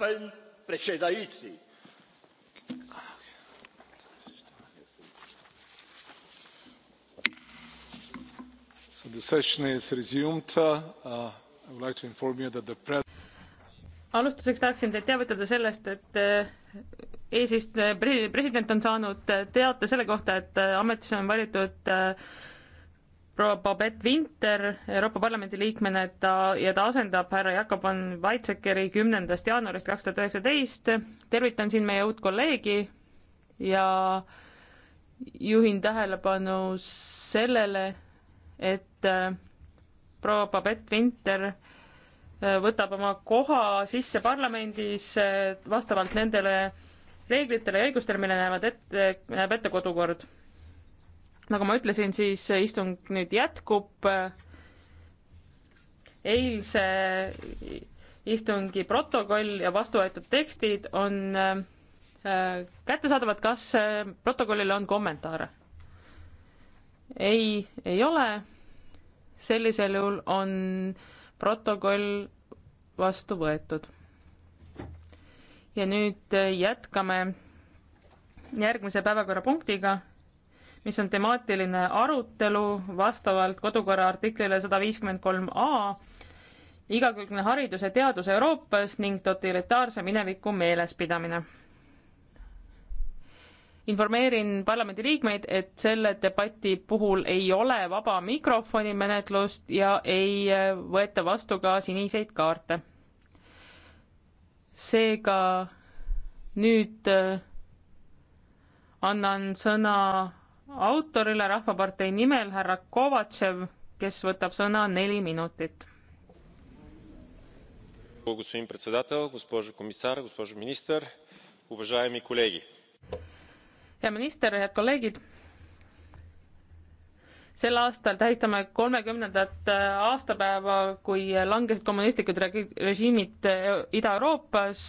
pan predsedající so the session is resumed uh, i would like to inform you that the press alustuseks tahaksin teid teavitada sellest, et äh, eesistuja, president on saanud äh, teate selle kohta, et äh, ametisse on valitud proua Babette Winter Euroopa Parlamendi liikmena, et ta ja ta asendab härra Jakob von Weizsäckeri kümnendast jaanuarist kaks tuhat üheksateist. tervitan siin meie uut kolleegi ja juhin tähelepanu sellele, et äh, proua Babette Winter äh, võtab oma koha sisse parlamendis äh, vastavalt nendele reeglitele ja õigustele, mille näevad ette, näeb ette kodukord nagu ma ütlesin, siis istung nüüd jätkub. eilse istungi protokoll ja vastuvõetud tekstid on äh, kättesaadavad, kas äh, protokollile on kommentaare? ei, ei ole. sellisel juhul on protokoll vastu võetud. ja nüüd äh, jätkame järgmise päevakorrapunktiga mis on temaatiline arutelu vastavalt kodukorra artiklile sada viiskümmend kolm A, igakülgne haridus ja teadus Euroopas ning totalitaarse mineviku meelespidamine. informeerin parlamendiliikmeid, et selle debati puhul ei ole vaba mikrofoni menetlust ja ei võeta vastu ka siniseid kaarte. seega nüüd äh, annan sõna autorile Rahvapartei nimel härra Kovatšev, kes võtab sõna neli minutit. господин председател, госпожо komissar, госпожо minister, уважаеми kolleegi. hea minister, head kolleegid sel aastal tähistame kolmekümnendat äh, aastapäeva, kui langesid kommunistlikud režiimid äh, Ida-Euroopas.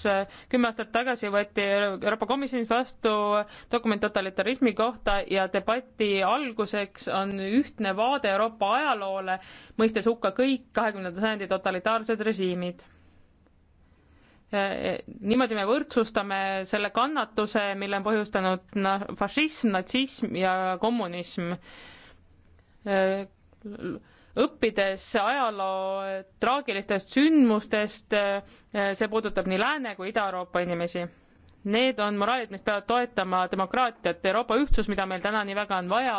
kümme aastat tagasi võeti Euroopa Komisjonis vastu dokument totalitarismi kohta ja debati alguseks on ühtne vaade Euroopa ajaloole, mõistes hukka kõik kahekümnenda sajandi totalitaarsed režiimid äh, niimoodi me võrdsustame selle kannatuse, mille on põhjustanud fašism, natsism ja kommunism Äh, õppides ajaloo äh, traagilistest sündmustest, äh, see puudutab nii Lääne kui Ida-Euroopa inimesi. Need on moraalid, mis peavad toetama demokraatiat, Euroopa ühtsust, mida meil täna nii väga on vaja,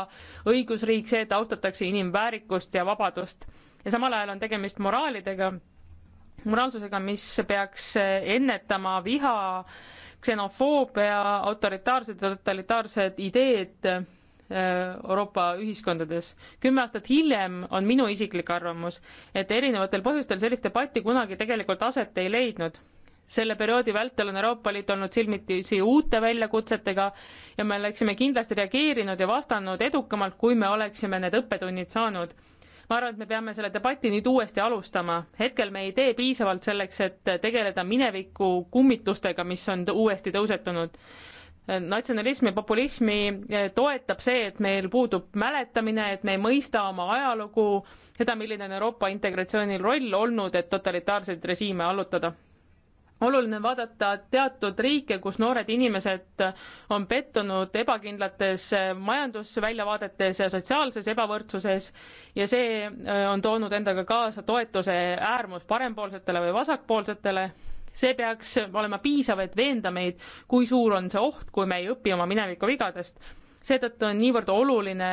õigusriik, see, et austatakse inimväärikust ja vabadust. ja samal ajal on tegemist moraalidega, moraalsusega, mis peaks ennetama viha, ksenofoobia, autoritaarsed ja totalitaarsed ideed Äh, Euroopa ühiskondades. kümme aastat hiljem on minu isiklik arvamus, et erinevatel põhjustel sellist debatti kunagi tegelikult aset ei leidnud. selle perioodi vältel on Euroopa Liit olnud silmitsi uute väljakutsetega ja me oleksime kindlasti reageerinud ja vastanud edukamalt, kui me oleksime need õppetunnid saanud ma arvan, et me peame selle debati nüüd uuesti alustama. hetkel me ei tee piisavalt selleks, et tegeleda mineviku kummitustega, mis on uuesti tõusetunud natsionalismi ja populismi eh, toetab see, et meil puudub mäletamine, et me ei mõista oma ajalugu, seda, milline on Euroopa integratsiooni roll olnud, et totalitaarseid režiime allutada. oluline on vaadata teatud riike, kus noored inimesed on pettunud ebakindlates eh, majandusväljavaadetes ja sotsiaalses ebavõrdsuses ja see eh, on toonud endaga kaasa toetuse äärmus parempoolsetele või vasakpoolsetele see peaks olema piisav, et veenda meid, kui suur on see oht, kui me ei õpi oma mineviku vigadest. seetõttu on niivõrd oluline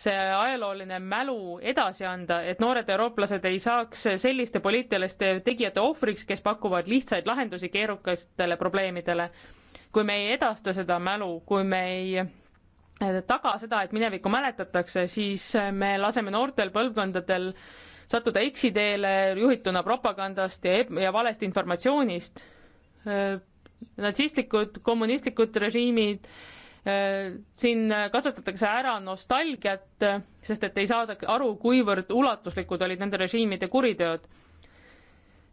see ajalooline mälu edasi anda, et noored eurooplased ei saaks selliste poliitiliste tegijate ohvriks, kes pakuvad lihtsaid lahendusi keerukatele probleemidele. kui me ei edasta seda mälu, kui me ei äh, taga seda, et minevikku mäletatakse, siis äh, me laseme noortel põlvkondadel äh, sattuda eksiteele juhituna propagandast ja, ja valest informatsioonist. Äh, natsistlikud, kommunistlikud režiimid, äh, siin kasutatakse ära nostalgiat, äh, sest et ei saada aru, kuivõrd ulatuslikud olid nende režiimide kuriteod.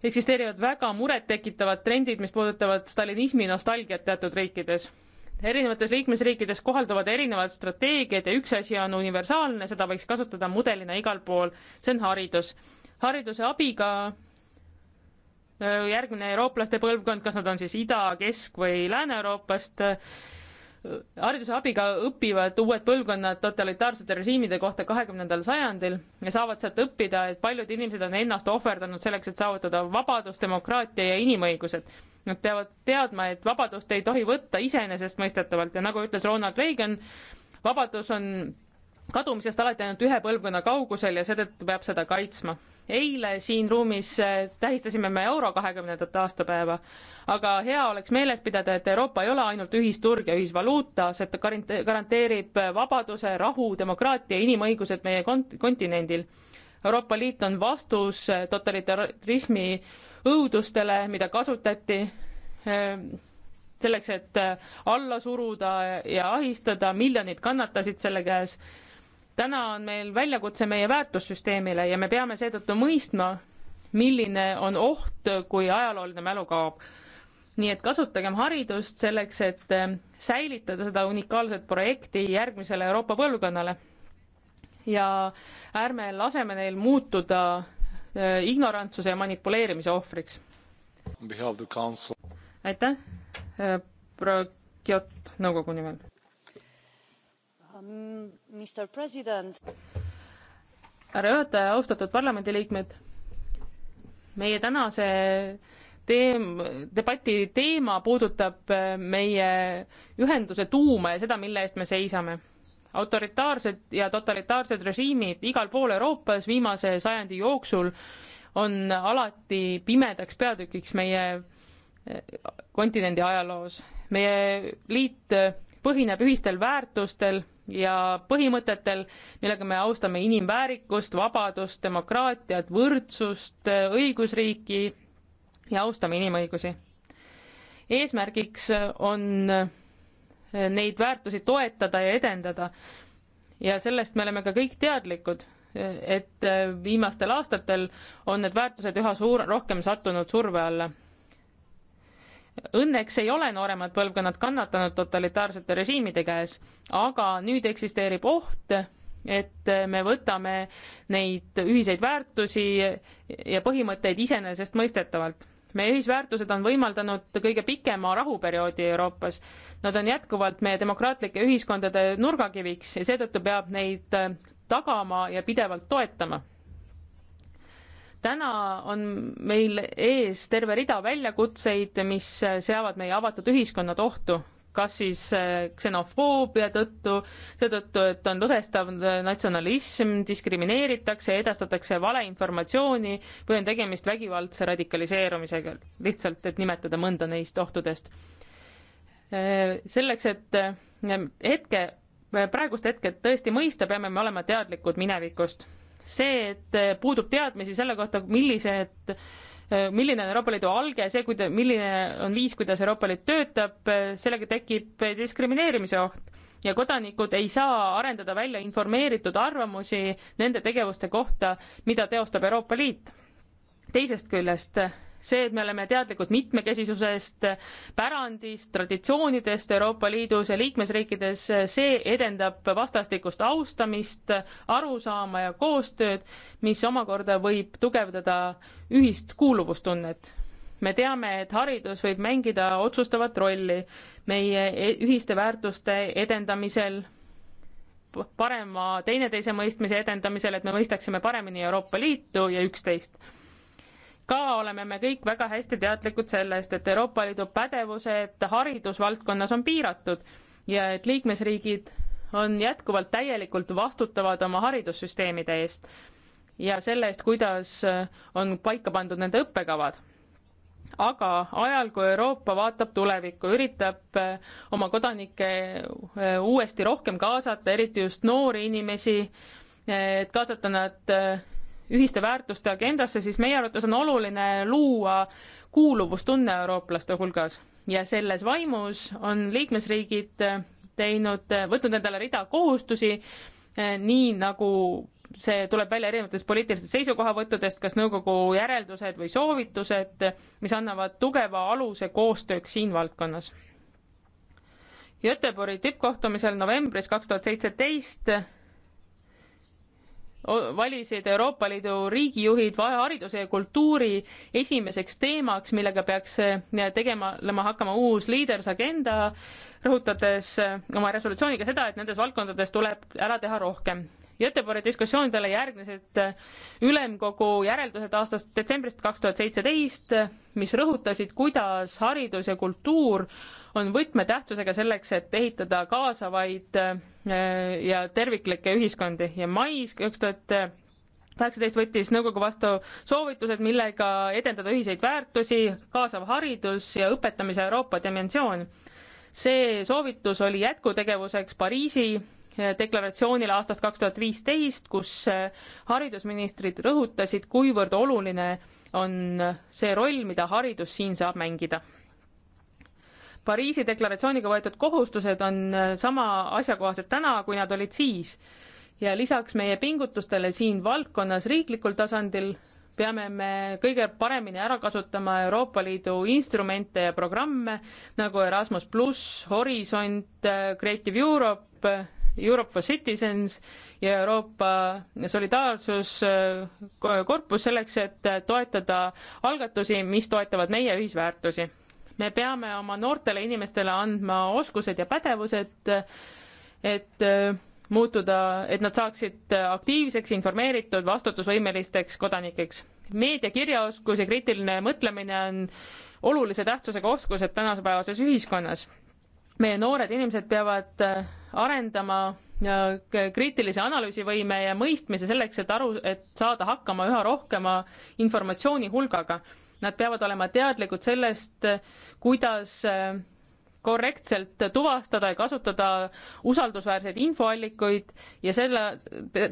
eksisteerivad väga murettekitavad trendid, mis puudutavad stalinismi nostalgiat teatud riikides erinevates liikmesriikides kohalduvad erinevad strateegiad ja üks asi on universaalne, seda võiks kasutada mudelina igal pool, see on haridus. hariduse abiga järgmine eurooplaste põlvkond, kas nad on siis Ida-, Kesk- või Lääne-Euroopast, hariduse abiga õpivad uued põlvkonnad totalitaarsete režiimide kohta kahekümnendal sajandil ja saavad sealt õppida, et paljud inimesed on ennast ohverdanud selleks, et saavutada vabadus, demokraatia ja inimõigused. Nad peavad teadma, et vabadust ei tohi võtta iseenesestmõistetavalt ja nagu ütles Ronald Reagan, vabadus on kadumisest alati ainult ühe põlvkonna kaugusel ja seetõttu peab seda kaitsma. eile siin ruumis äh, tähistasime me euro kahekümnendat aastapäeva, aga hea oleks meeles pidada, et Euroopa ei ole ainult ühisturg ja ühisvaluuta, see garanteerib äh, vabaduse, rahu, demokraatia, inimõigused meie kont-, kontinendil. Euroopa Liit on vastus äh, totalitarismi õudustele, mida kasutati ehm, selleks, et eh, alla suruda ja ahistada, miljonid kannatasid selle käes. täna on meil väljakutse meie väärtussüsteemile ja me peame seetõttu mõistma, milline on oht, kui ajalooline mälu kaob. nii et kasutagem haridust selleks, et eh, säilitada seda unikaalset projekti järgmisele Euroopa põlvkonnale. ja ärme laseme neil muutuda Äh, ignorantsuse ja manipuleerimise ohvriks. aitäh, äh, proua Kiot nõukogu nimel um,. härra juhataja, austatud parlamendiliikmed, meie tänase teem-, debati teema puudutab äh, meie ühenduse tuuma ja seda, mille eest me seisame autoritaarsed ja totalitaarsed režiimid igal pool Euroopas viimase sajandi jooksul on alati pimedaks peatükiks meie eh, kontinendi ajaloos. meie liit eh, põhineb ühistel väärtustel ja põhimõtetel, millega me austame inimväärikust, vabadust, demokraatiat, võrdsust, eh, õigusriiki ja austame inimõigusi. eesmärgiks on neid väärtusi toetada ja edendada. ja sellest me oleme ka kõik teadlikud, et viimastel aastatel on need väärtused üha suur, rohkem sattunud surve alla. Õnneks ei ole nooremad põlvkonnad kannatanud totalitaarsete režiimide käes, aga nüüd eksisteerib oht, et me võtame neid ühiseid väärtusi ja põhimõtteid iseenesestmõistetavalt meie ühisväärtused on võimaldanud kõige pikema rahuperioodi Euroopas. Nad on jätkuvalt meie demokraatlike ühiskondade nurgakiviks ja seetõttu peab neid äh, tagama ja pidevalt toetama. täna on meil ees terve rida väljakutseid, mis äh, seavad meie avatud ühiskonnad ohtu kas siis äh, ksenofoobia tõttu, seetõttu, et on lõhestav natsionalism, diskrimineeritakse, edastatakse valeinformatsiooni või on tegemist vägivaldse radikaliseerumisega, lihtsalt et nimetada mõnda neist ohtudest. Äh, selleks, et äh, hetke, praegust hetke tõesti mõista, peame me olema teadlikud minevikust. see, et puudub teadmisi selle kohta, millised Äh, milline on Euroopa Liidu alge, see, kuida-, milline on viis, kuidas Euroopa Liit töötab, äh, sellega tekib äh, diskrimineerimise oht. ja kodanikud ei saa arendada välja informeeritud arvamusi nende tegevuste kohta, mida teostab Euroopa Liit. teisest küljest see, et me oleme teadlikud mitmekesisusest, pärandist, traditsioonidest Euroopa Liidus ja liikmesriikides, see edendab vastastikust austamist, arusaama ja koostööd, mis omakorda võib tugevdada ühist kuuluvustunnet. me teame, et haridus võib mängida otsustavat rolli meie e-, ühiste väärtuste edendamisel, parema teineteise mõistmise edendamisel, et me mõistaksime paremini Euroopa Liitu ja üksteist ka oleme me kõik väga hästi teadlikud sellest, et Euroopa Liidu pädevused haridusvaldkonnas on piiratud ja et liikmesriigid on jätkuvalt täielikult vastutavad oma haridussüsteemide eest ja selle eest, kuidas on paika pandud nende õppekavad aga ajal, kui Euroopa vaatab tulevikku, üritab eh, oma kodanikke eh, uuesti rohkem kaasata, eriti just noori inimesi, eh, et kaasata nad ühiste väärtuste agendasse, siis meie arvates on oluline luua kuuluvustunne eurooplaste hulgas ja selles vaimus on liikmesriigid teinud, võtnud endale rida kohustusi, nii nagu see tuleb välja erinevatest poliitilistest seisukohavõttudest, kas nõukogu järeldused või soovitused, mis annavad tugeva aluse koostööks siin valdkonnas. Göteborgi tippkohtumisel novembris kaks tuhat seitseteist valisid Euroopa Liidu riigijuhid hariduse ja kultuuri esimeseks teemaks, millega peaks eh, tegema hakkama uus Leaders Agenda, rõhutades eh, oma resolutsiooniga seda, et nendes valdkondades tuleb ära teha rohkem. Göteborgi diskussioonidele järgnesid eh, ülemkogu järeldused aastast detsembrist kaks tuhat seitseteist, mis rõhutasid, kuidas haridus ja kultuur on võtmetähtsusega selleks, et ehitada kaasavaid äh, ja terviklikke ühiskondi ja mais kaks tuhat kaheksateist võttis nõukogu vastu soovitused, millega edendada ühiseid väärtusi, kaasav haridus ja õpetamise Euroopa dimensioon. see soovitus oli jätkutegevuseks Pariisi äh, deklaratsioonile aastast kaks tuhat viisteist, kus äh, haridusministrid rõhutasid, kuivõrd oluline on see roll, mida haridus siin saab mängida Pariisi deklaratsiooniga võetud kohustused on äh, sama asjakohased täna, kui nad olid siis. ja lisaks meie pingutustele siin valdkonnas riiklikul tasandil peame me kõige paremini ära kasutama Euroopa Liidu instrumente ja programme nagu Erasmus pluss, Horisont, äh, Creative Europe, Europe for Citizens ja Euroopa Solidaarsuskorpus äh, selleks, et toetada algatusi, mis toetavad meie ühisväärtusi me peame oma noortele inimestele andma oskused ja pädevused, et äh, muutuda, et nad saaksid aktiivseks, informeeritud, vastutusvõimelisteks kodanikeks. meedia kirjaoskus ja kriitiline mõtlemine on olulise tähtsusega oskused tänasepäevases ühiskonnas. meie noored inimesed peavad äh, arendama äh, kriitilise analüüsivõime ja mõistmise selleks, et aru, et saada hakkama üha rohkema informatsiooni hulgaga Nad peavad olema teadlikud sellest, kuidas eh, korrektselt tuvastada ja kasutada usaldusväärseid infoallikuid ja selle,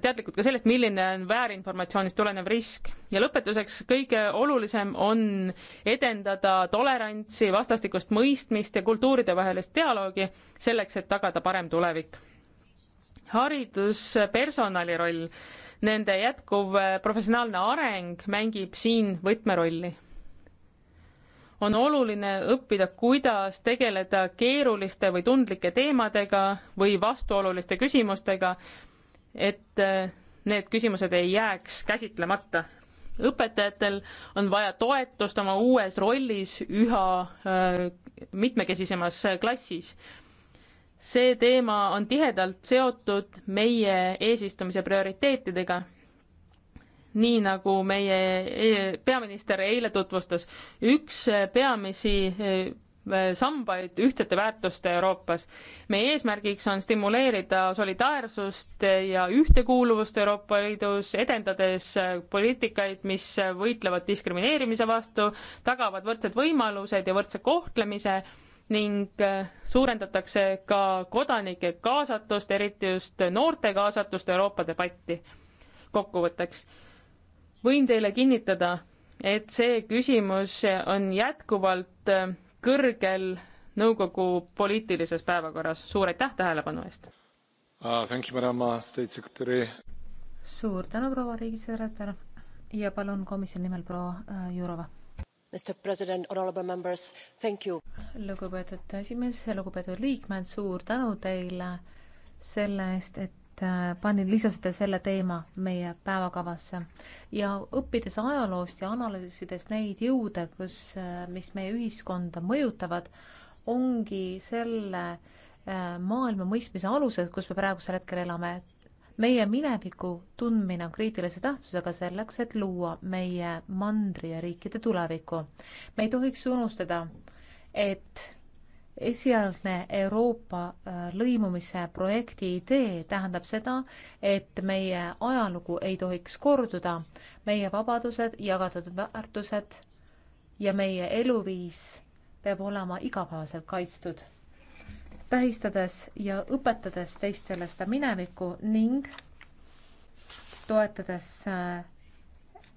teadlikud ka sellest, milline on väärinformatsioonist tulenev risk. ja lõpetuseks, kõige olulisem on edendada tolerantsi, vastastikust mõistmist ja kultuuridevahelist dialoogi selleks, et tagada parem tulevik. hariduspersonali roll, nende jätkuv eh, professionaalne areng mängib siin võtmerolli on oluline õppida, kuidas tegeleda keeruliste või tundlike teemadega või vastuoluliste küsimustega, et äh, need küsimused ei jääks käsitlemata. õpetajatel on vaja toetust oma uues rollis üha äh, mitmekesisemas klassis. see teema on tihedalt seotud meie eesistumise prioriteetidega nii nagu meie e-, peaminister eile tutvustas, üks peamisi e, e, sambaid ühtsete väärtuste Euroopas. meie eesmärgiks on stimuleerida solidaarsust ja ühtekuuluvust Euroopa Liidus, edendades poliitikaid, mis võitlevad diskrimineerimise vastu, tagavad võrdsed võimalused ja võrdse kohtlemise ning suurendatakse ka kodanike kaasatust, eriti just noorte kaasatust Euroopa debatti. kokkuvõtteks võin teile kinnitada, et see küsimus on jätkuvalt kõrgel nõukogu poliitilises päevakorras. suur aitäh tähelepanu eest uh,! suur tänu, proua riigisekretär ja palun komisjoni nimel proua äh, Jurova. lugupeetud esimees, lugupeetud liikmed, suur tänu teile selle eest, et Äh, panin, lisasite selle teema meie päevakavasse. ja õppides ajaloost ja analüüsides neid jõude, kus, äh, mis meie ühiskonda mõjutavad, ongi selle äh, maailma mõistmise alused, kus me praegusel hetkel elame. meie mineviku tundmine on kriitilise tähtsusega selleks, et luua meie mandri ja riikide tulevikku. me ei tohiks unustada, et esialgne Euroopa äh, lõimumise projekti idee tähendab seda, et meie ajalugu ei tohiks korduda, meie vabadused, jagatud väärtused ja meie eluviis peab olema igapäevaselt kaitstud, tähistades ja õpetades teistele seda minevikku ning toetades äh,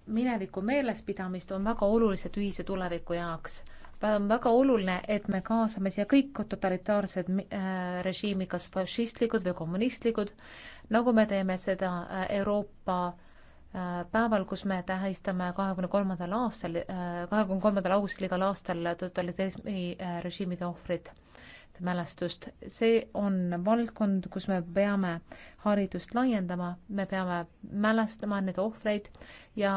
mineviku meelespidamist on väga olulised ühise tuleviku jaoks on äh, väga oluline, et me kaasame siia kõik totalitaarsed äh, režiimi, kas fašistlikud või kommunistlikud, nagu me teeme seda äh, Euroopa päeval, kus me tähistame kahekümne kolmandal aastal, kahekümne kolmandal augustil igal aastal totalitarismi režiimide ohvrit mälestust. see on valdkond, kus me peame haridust laiendama, me peame mälestama neid ohvreid ja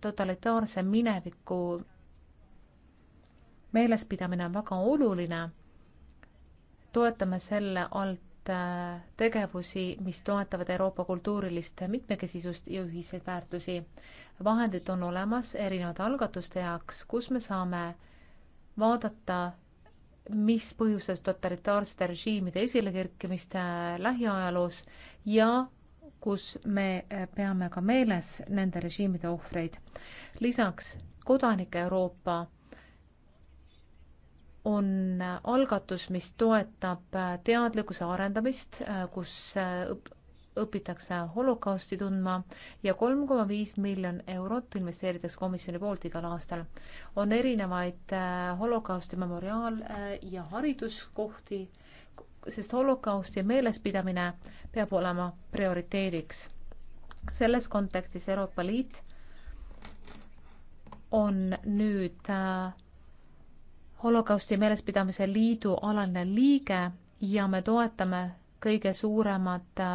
totalitaarse mineviku meelespidamine on väga oluline. toetame selle alt äh, tegevusi, mis toetavad Euroopa kultuurilist mitmekesisust ja ühiseid väärtusi. vahendid on olemas erinevate algatuste jaoks, kus me saame vaadata, mis põhjustas totalitaarsete režiimide esilekerkimist äh, lähiajaloos ja kus me äh, peame ka meeles nende režiimide ohvreid. lisaks kodanike Euroopa on algatus, mis toetab äh, teadlikkuse arendamist, äh, kus äh, õpitakse holokausti tundma ja kolm koma viis miljon eurot investeeritakse komisjoni poolt igal aastal. on erinevaid holokausti memoriaal- ja hariduskohti, sest holokausti meelespidamine peab olema prioriteediks. selles kontekstis Euroopa Liit on nüüd holokausti meelespidamise liidu alaline liige ja me toetame kõige suuremat äh,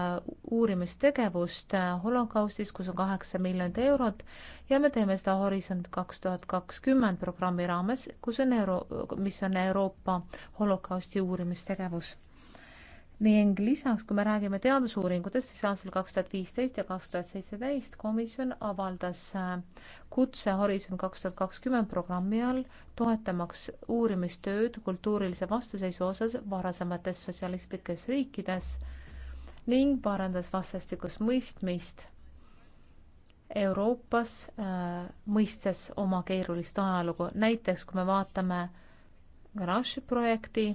uurimistegevust äh, holokaustis, kus on kaheksa miljonit eurot ja me teeme seda Horisont kaks tuhat kakskümmend programmi raames, kus on euro, mis on Euroopa holokausti uurimistegevus ning lisaks, kui me räägime teadusuuringutest, siis aastal kaks tuhat viisteist ja kaks tuhat seitseteist komisjon avaldas äh, kutse Horisont kaks tuhat kakskümmend programmi all, toetamaks uurimistööd kultuurilise vastuseisu osas varasemates sotsialistlikes riikides ning parandas vastastikust mõistmist Euroopas äh, mõistes oma keerulist ajalugu. näiteks kui me vaatame Garage projekti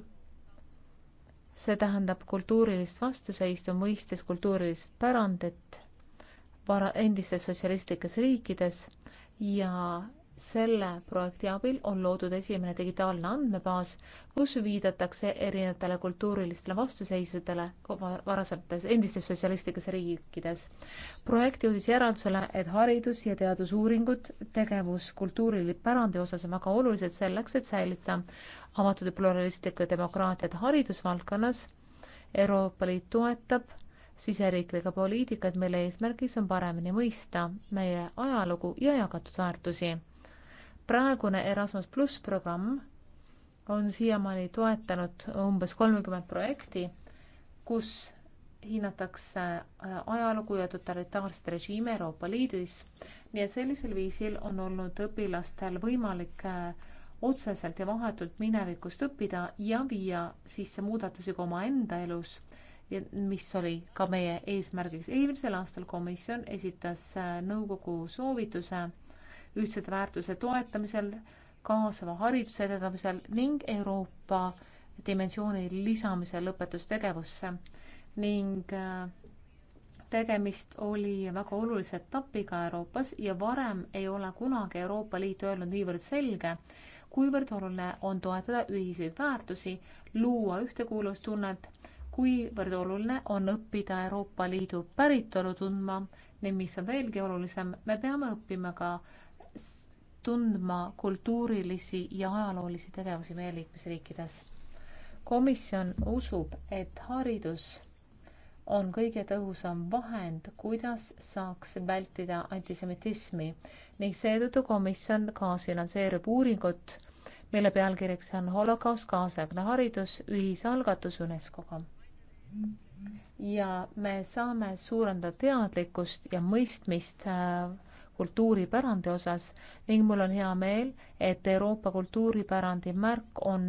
see tähendab kultuurilist vastuseisu, mõistes kultuurilist pärandit vara, endistes sotsialistlikes riikides ja selle projekti abil on loodud esimene digitaalne andmebaas, kus viidatakse erinevatele kultuurilistele vastuseisudele varasemates endistes sotsialistlikes riikides. projekt jõudis järeldusele, et haridus- ja teadusuuringud, tegevus kultuuripärandi osas on väga olulised selleks, et säilita avatud ja pluralistlikku demokraatiat haridusvaldkonnas. Euroopa Liit toetab siseriiklikke poliitikaid, mille eesmärgis on paremini mõista meie ajalugu ja jagatud väärtusi praegune Erasmus pluss programm on siiamaani toetanud umbes kolmkümmend projekti, kus hinnatakse äh, ajalugu ja totalitaarseid režiime Euroopa Liidus. nii et sellisel viisil on olnud õpilastel võimalik äh, otseselt ja vahetult minevikust õppida ja viia sisse muudatusi ka omaenda elus, mis oli ka meie eesmärgiks. eelmisel aastal komisjon esitas äh, nõukogu soovituse ühtsete väärtuse toetamisel, kaasava hariduse edendamisel ning Euroopa dimensiooni lisamisel õpetustegevusse ning äh, tegemist oli väga olulise etapiga Euroopas ja varem ei ole kunagi Euroopa Liit öelnud niivõrd selge, kuivõrd oluline on toetada ühiseid väärtusi, luua ühtekuuluvustunnet, kuivõrd oluline on õppida Euroopa Liidu päritolu tundma ning mis on veelgi olulisem, me peame õppima ka tundma kultuurilisi ja ajaloolisi tegevusi meie liikmesriikides. komisjon usub, et haridus on kõige tõhusam vahend, kuidas saaks vältida antisemitismi ning seetõttu komisjon kaasfinantseerib uuringut, mille pealkirjaks on Holokaust kaasaegne haridus, ühisalgatus UNESCO-ga. ja me saame suurendada teadlikkust ja mõistmist äh, kultuuripärandi osas ning mul on hea meel, et Euroopa kultuuripärandi märk on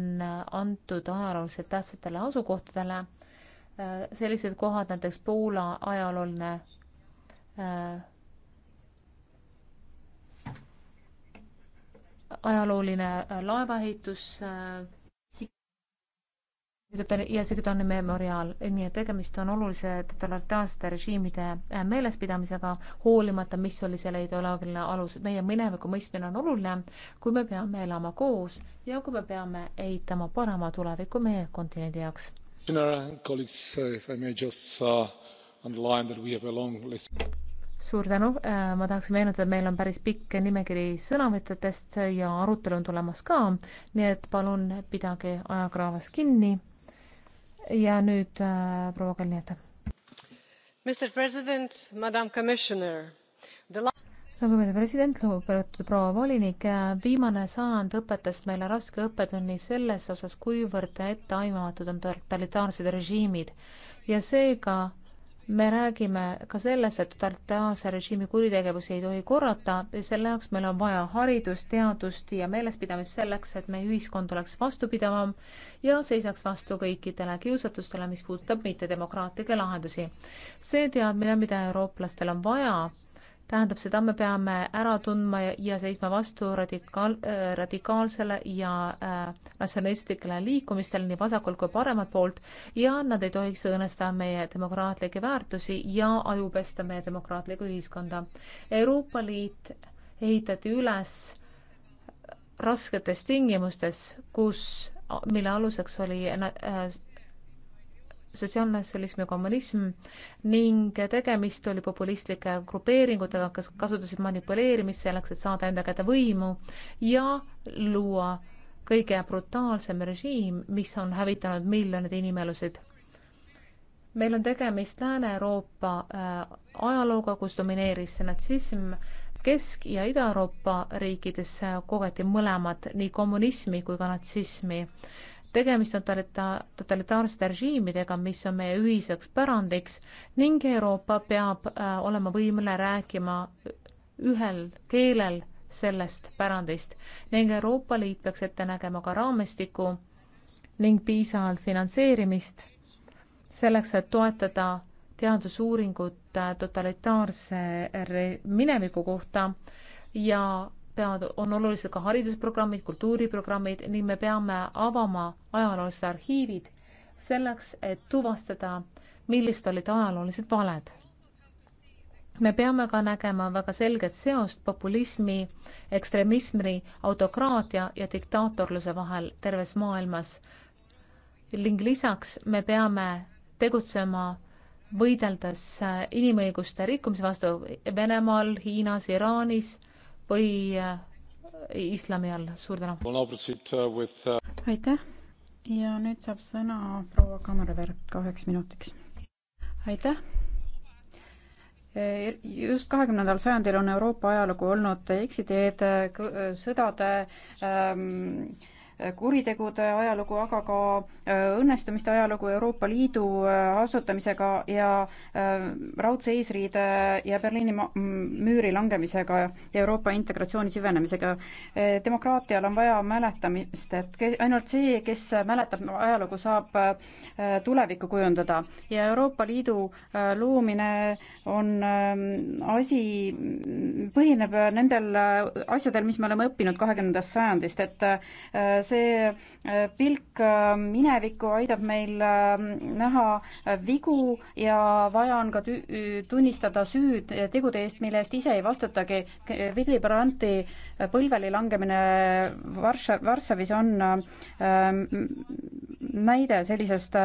antud ajalooliselt tähtsatele asukohtadele. sellised kohad, näiteks Poola ajalooline äh, ajalooline laevaehitus äh,, ja seetõttu on memoriaal, nii et tegemist on olulise totalitaarsete režiimide äh, meelespidamisega, hoolimata, mis oli selle ideoloogiline alus. meie mineviku mõistmine on oluline, kui me peame elama koos ja kui me peame ehitama parema tuleviku meie kontinendi jaoks. Uh, suur tänu, äh, ma tahaks meenutada, et meil on päris pikk nimekiri sõnavõtjatest ja arutelu on tulemas ka, nii et palun pidage ajakraavast kinni ja nüüd äh, proua Kalniete. lugupeetud president, lugupeetud proua volinik, äh, viimane sajand õpetas meile raske õppetunni selles osas, kuivõrd etteaimamatud on totalitaarseid režiimid ja seega me räägime ka sellest, et totalitaarse režiimi kuritegevusi ei tohi korrata, selle jaoks meil on vaja haridust, teadust ja meelespidamist selleks, et meie ühiskond oleks vastupidavam ja seisaks vastu kõikidele kiusatustele, mis puudutab mittedemokraatlikke lahendusi. see teadmine, mida eurooplastel on vaja tähendab seda, me peame ära tundma ja, ja seisma vastu radikaal, äh, radikaalsele ja äh, natsionalistlikele liikumistele nii vasakult kui paremalt poolt ja nad ei tohiks õõnestada meie demokraatlikke väärtusi ja ajupesta meie demokraatlikku ühiskonda. Euroopa Liit ehitati üles rasketes tingimustes, kus, mille aluseks oli äh, sotsiaalnatsionalism ja kommunism ning tegemist oli populistlike grupeeringutega, kes kasutasid manipuleerimist selleks, et saada enda kätte võimu ja luua kõige brutaalsem režiim, mis on hävitanud miljoneid inimelusid. meil on tegemist Lääne-Euroopa äh, ajalooga, kus domineeris natsism Kesk- ja Ida-Euroopa riikides äh, kogeti mõlemat, nii kommunismi kui ka natsismi tegemist on totalita-, totalitaarsete režiimidega, mis on meie ühiseks pärandiks ning Euroopa peab äh, olema võimeline rääkima ühel keelel sellest pärandist ning Euroopa Liit peaks ette nägema ka raamistiku ning piisavalt finantseerimist selleks, et toetada teadusuuringut äh, totalitaarse mineviku kohta ja peavad, on olulised ka haridusprogrammid, kultuuriprogrammid ning me peame avama ajaloolised arhiivid selleks, et tuvastada, millised olid ajaloolised valed. me peame ka nägema väga selget seost populismi, ekstremismi, autokraatia ja diktaatorluse vahel terves maailmas ning lisaks me peame tegutsema võideldes inimõiguste rikkumise vastu Venemaal, Hiinas, Iraanis või äh, islami all. suur tänu. Uh, uh, aitäh ja nüüd saab sõna proua Kammerverd kaheks minutiks. aitäh e, just kahekümnendal sajandil on Euroopa ajalugu olnud eksiteed, sõdade ähm, kuritegude ajalugu, aga ka äh, õnnestumiste ajalugu Euroopa Liidu äh, asutamisega ja äh, raudse eesriide ja Berliini müüri langemisega, Euroopa integratsiooni süvenemisega. demokraatial on vaja mäletamist, et ainult see, kes mäletab ajalugu, saab tulevikku kujundada ja Euroopa Liidu loomine on ähm, asi, põhineb nendel asjadel, mis me oleme õppinud kahekümnendast sajandist, et see äh, pilk äh, minevikku aitab meil äh, näha vigu ja vaja on ka tunnistada süüd tegude eest, mille eest ise ei vastutagi. Willy Brandti põlveli langemine Varssav-, Varssavis on näide sellisest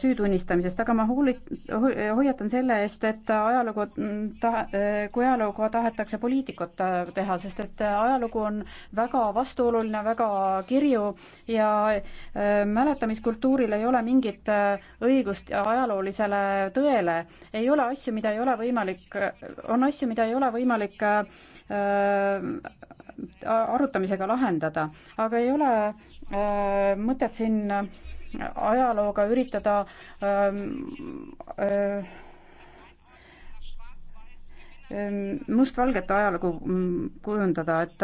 süü tunnistamisest, aga ma huuli-, hoiatan selle eest, et ajalugu tahe, kui ajalugu tahetakse poliitikut teha, sest et ajalugu on väga vastuoluline, väga kirju ja äh, mäletamiskultuuril ei ole mingit äh, õigust ajaloolisele tõele. ei ole asju, mida ei ole võimalik, äh, on asju, mida ei ole võimalik arutamisega lahendada, aga ei ole mõtet siin ajalooga üritada ähm, ähm, mustvalget ajalugu mm, kujundada, et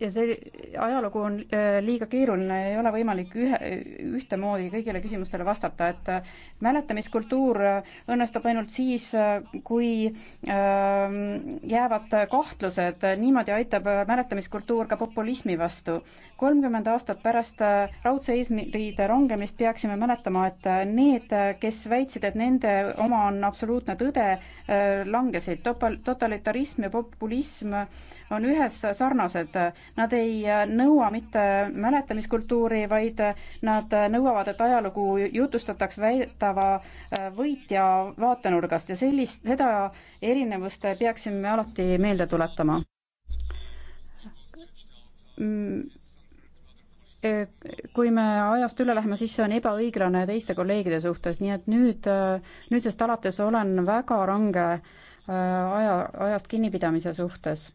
ja see ajalugu on äh, liiga keeruline, ei ole võimalik ühe, ühtemoodi kõigile küsimustele vastata, et äh, mäletamiskultuur äh, õnnestub ainult siis, kui ähm, jäävad kahtlused, niimoodi aitab mäletamiskultuur ka populismi vastu. kolmkümmend aastat pärast raudse eesriide rangemist peaksime mäletama, et need, kes väitsid, et nende oma on absoluutne tõde, langesid. totalitarism ja populism on ühes sarnased olulised. Nad ei nõua mitte mäletamiskultuuri, vaid nad nõuavad, et ajalugu jutustataks väidava äh, võitja vaatenurgast ja sellist, seda erinevust peaksime alati meelde tuletama mm, äh, kui me ajast üle läheme, siis see on ebaõiglane teiste kolleegide suhtes, nii et nüüd, äh, nüüdsest alates olen väga range aja, ajast kinnipidamise suhtes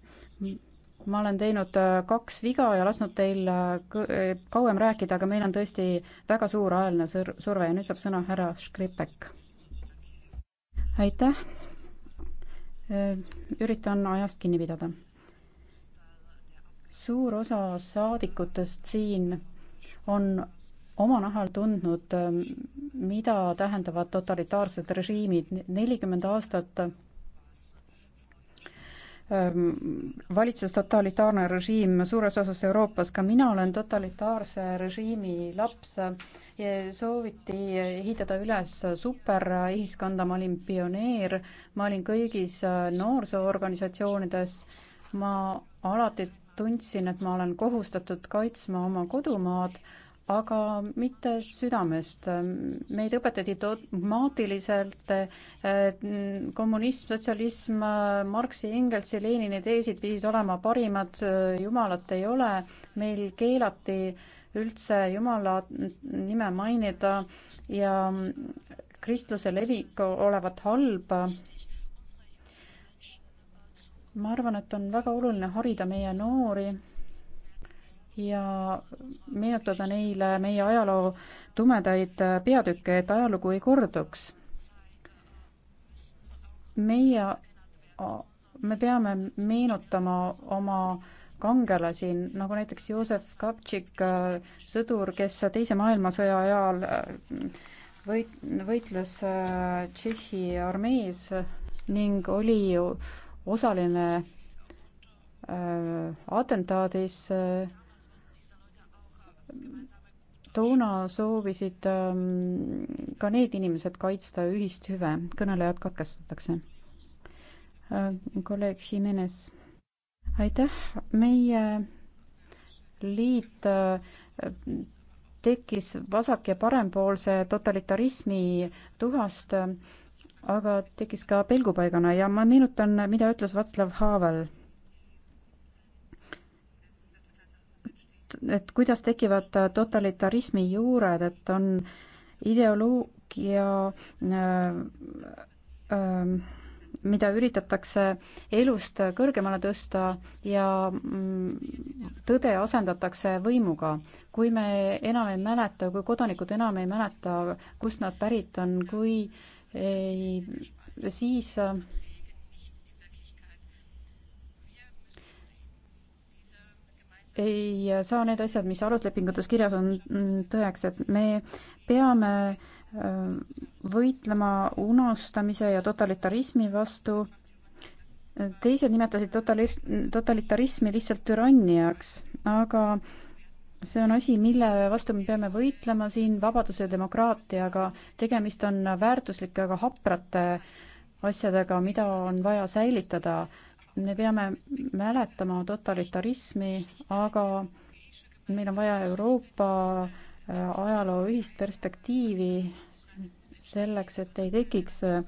ma olen teinud äh, kaks viga ja lasknud teil äh, äh, kauem rääkida, aga meil on tõesti väga suur ajaline surve ja nüüd saab sõna härra Škripek. aitäh. üritan ajast kinni pidada. suur osa saadikutest siin on oma nahal tundnud, mida tähendavad totalitaarsed režiimid, nelikümmend aastat Ehm, valitses totalitaarne režiim suures osas Euroopas, ka mina olen totalitaarse režiimi laps. sooviti ehitada üles superühiskonda, ma olin pioneer, ma olin kõigis äh, noorsoorganisatsioonides, ma alati tundsin, et ma olen kohustatud kaitsma oma kodumaad aga mitte südamest. meid õpetati dogmaatiliselt, kommunism, sotsialism, Marxi, Engelsi, Lenini teesid pidid olema parimad, jumalat ei ole, meil keelati üldse jumala nime mainida ja kristluse levik olevat halb ma arvan, et on väga oluline harida meie noori ja meenutada neile meie ajaloo tumedaid peatükke, et ajalugu ei korduks. meie, me peame meenutama oma kangelasi, nagu näiteks Joosef Kaptšik, äh, sõdur, kes Teise maailmasõja ajal äh, võit-, võitles äh, Tšehhi armees ning oli osaline äh, atentaadis äh, toona soovisid ähm, ka need inimesed kaitsta ühist hüve. kõnelejad katkestatakse. Äh, kolleeg Jimenez, aitäh, meie liit äh, tekkis vasak- ja parempoolse totalitarismi tuhast, äh, aga tekkis ka pelgupaigana ja ma meenutan, mida ütles Václav Havel et kuidas tekivad totalitarismi juured, et on ideoloogia äh, äh, mida üritatakse elust kõrgemale tõsta ja mm, tõde asendatakse võimuga. kui me enam ei mäleta, kui kodanikud enam ei mäleta, kust nad pärit on, kui ei, siis äh, ei saa need asjad, mis aluslepingutes kirjas on, mm, tõeks, et me peame äh, võitlema unustamise ja totalitarismi vastu. teised nimetasid totalis-, totalitarismi lihtsalt türanniaks, aga see on asi, mille vastu me peame võitlema siin vabaduse ja demokraatiaga. tegemist on väärtuslike, aga haprate asjadega, mida on vaja säilitada me peame mäletama totalitarismi, aga meil on vaja Euroopa äh, ajaloo ühist perspektiivi selleks, et ei tekiks äh,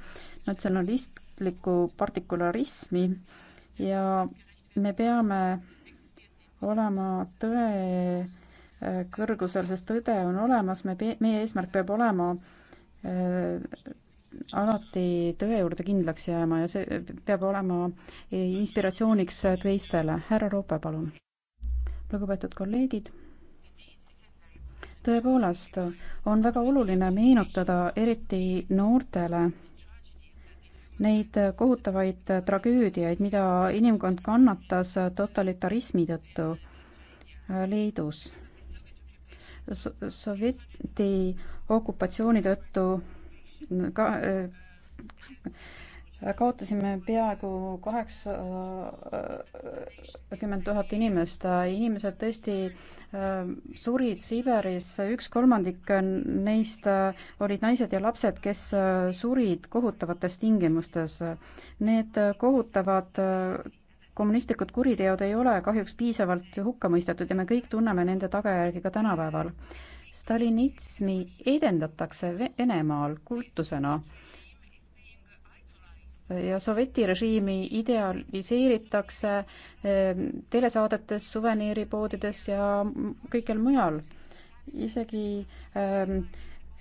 natsionalistlikku partikularismi ja me peame olema tõe äh, kõrgusel, sest tõde on olemas, me, meie eesmärk peab olema alati tõe juurde kindlaks jääma ja see peab olema inspiratsiooniks teistele. härra Roope, palun. lugupeetud kolleegid, tõepoolest on väga oluline meenutada eriti noortele neid kohutavaid tragöödiaid, mida inimkond kannatas totalitarismi tõttu Leedus so. Sovjeti okupatsiooni tõttu ka äh, kaotasime peaaegu kaheksakümmend äh, tuhat inimest. inimesed tõesti äh, surid Siberis, üks kolmandik neist olid naised ja lapsed, kes surid kohutavates tingimustes. Need kohutavad kommunistlikud kuriteod ei ole kahjuks piisavalt hukka mõistetud ja me kõik tunneme nende tagajärgi ka tänapäeval stalinismi edendatakse Venemaal kultusena ja Sovjeti režiimi idealiseeritakse ehm, telesaadetes, suveniiripoodides ja kõikjal mujal. isegi ehm,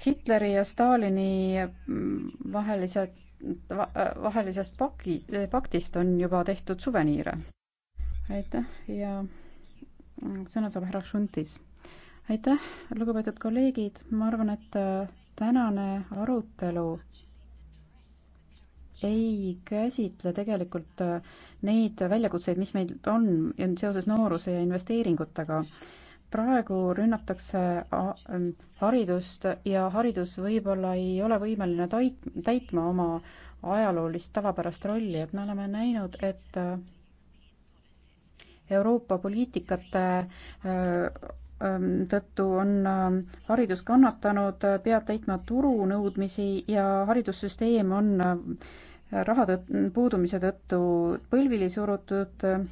Hitleri ja Stalini mm, vahelised, vahelisest paki, paktist on juba tehtud suveniire. aitäh ja mm, sõna saab härra Šuntis aitäh, lugupeetud kolleegid, ma arvan, et äh, tänane arutelu ei käsitle tegelikult äh, neid väljakutseid, mis meil on seoses nooruse ja investeeringutega. praegu rünnatakse äh, haridust ja haridus võib-olla ei ole võimeline tait-, täitma oma ajaloolist tavapärast rolli, et me oleme näinud, et Euroopa poliitikate Ähm, tõttu on ähm, haridus kannatanud, äh, peab täitma turunõudmisi ja haridussüsteem on äh, raha tõtt-, puudumise tõttu põlvili surutud. Äh.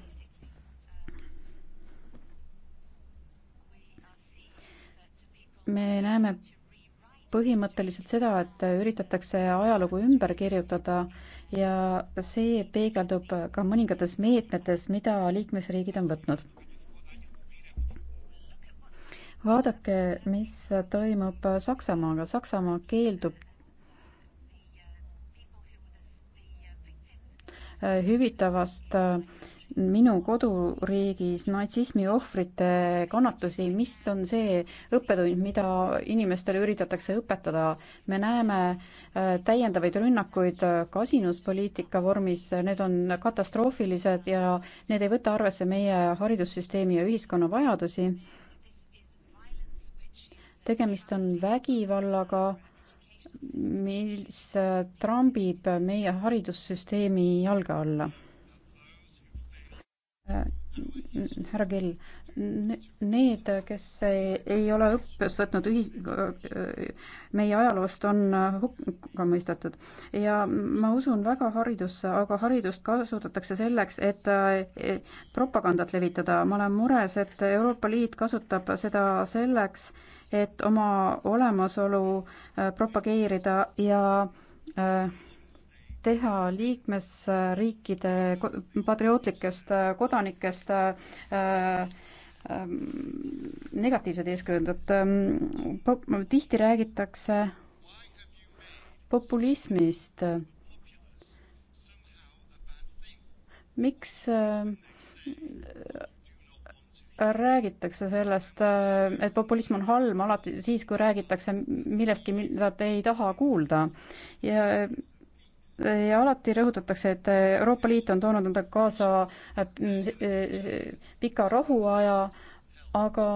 me näeme põhimõtteliselt seda, et üritatakse ajalugu ümber kirjutada ja see peegeldub ka mõningates meetmetes, mida liikmesriigid on võtnud vaadake, mis toimub Saksamaaga. Saksamaa keeldub äh, hüvitavast äh, minu koduriigis natsismi ohvrite kannatusi, mis on see õppetund, mida inimestele üritatakse õpetada. me näeme äh, täiendavaid rünnakuid kasinuspoliitika vormis, need on katastroofilised ja need ei võta arvesse meie haridussüsteemi ja ühiskonna vajadusi tegemist on vägivallaga, mis trambib meie haridussüsteemi jalge alla. härra Kell, need, kes ei, ei ole õppes võtnud ühi-, meie ajaloost, on hukka mõistetud. ja ma usun väga haridusse, aga haridust kasutatakse selleks, et e-, propagandat levitada. ma olen mures, et Euroopa Liit kasutab seda selleks, et oma olemasolu äh, propageerida ja äh, teha liikmesriikide patriootlikest äh, kodanikest negatiivsed eeskujud, et ähm, tihti räägitakse populismist. miks räägitakse sellest, äh, et populism on halm alati siis, kui räägitakse millestki, mida te ei taha kuulda. ja ja alati rõhutatakse, et Euroopa Liit on toonud endaga kaasa äh, äh, pika rahuaja, aga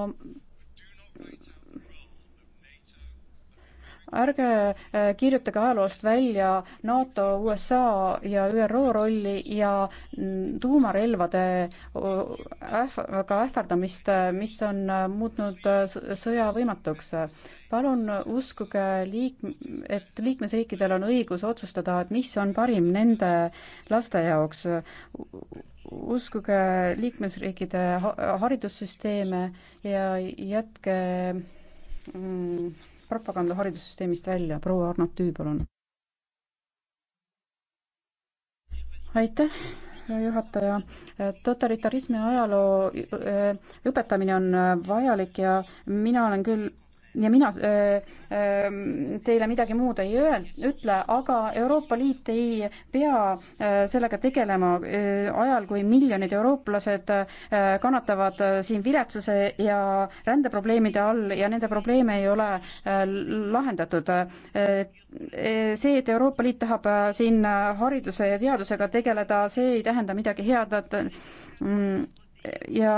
ärge äh, kirjutage ajaloost välja NATO, USA ja ÜRO rolli ja mm, tuumarelvade ähvaga ähvardamist, äh, mis on äh, muutnud sõja võimatuks. palun uskuge liik-, et liikmesriikidel on õigus otsustada, et mis on parim nende laste jaoks. uskuge liikmesriikide haridussüsteeme ja jätke mm, propaganda haridussüsteemist välja. proua Arnold Tüü, palun. aitäh, juhataja. totalitarismi ajaloo äh, õpetamine on äh, vajalik ja mina olen küll ja mina teile midagi muud ei öel-, ütle, aga Euroopa Liit ei pea sellega tegelema ajal, kui miljonid eurooplased kannatavad siin viletsuse ja rändeprobleemide all ja nende probleeme ei ole lahendatud. see, et Euroopa Liit tahab siin hariduse ja teadusega tegeleda, see ei tähenda midagi head, et mm, ja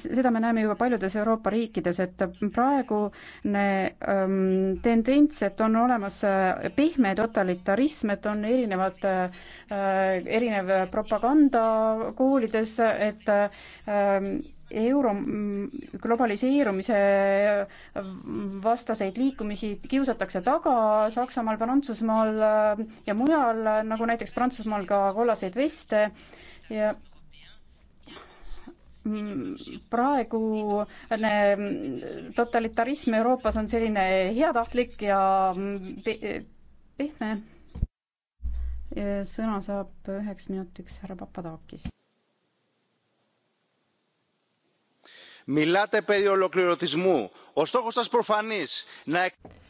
seda me näeme juba paljudes Euroopa riikides, et praegune ähm, tendents, et on olemas äh, pehme totalitarism, et on erinevad äh,, erinev propaganda koolides, et ähm, euro globaliseerumise vastaseid liikumisi kiusatakse taga Saksamaal, Prantsusmaal äh, ja mujal, nagu näiteks Prantsusmaal ka kollaseid veste ja praegune totalitarism Euroopas on selline heatahtlik ja pehme. sõna saab üheks minutiks härra Papadakis. Μιλάτε περί ολοκληρωτισμού. Ο στόχος σας προφανής να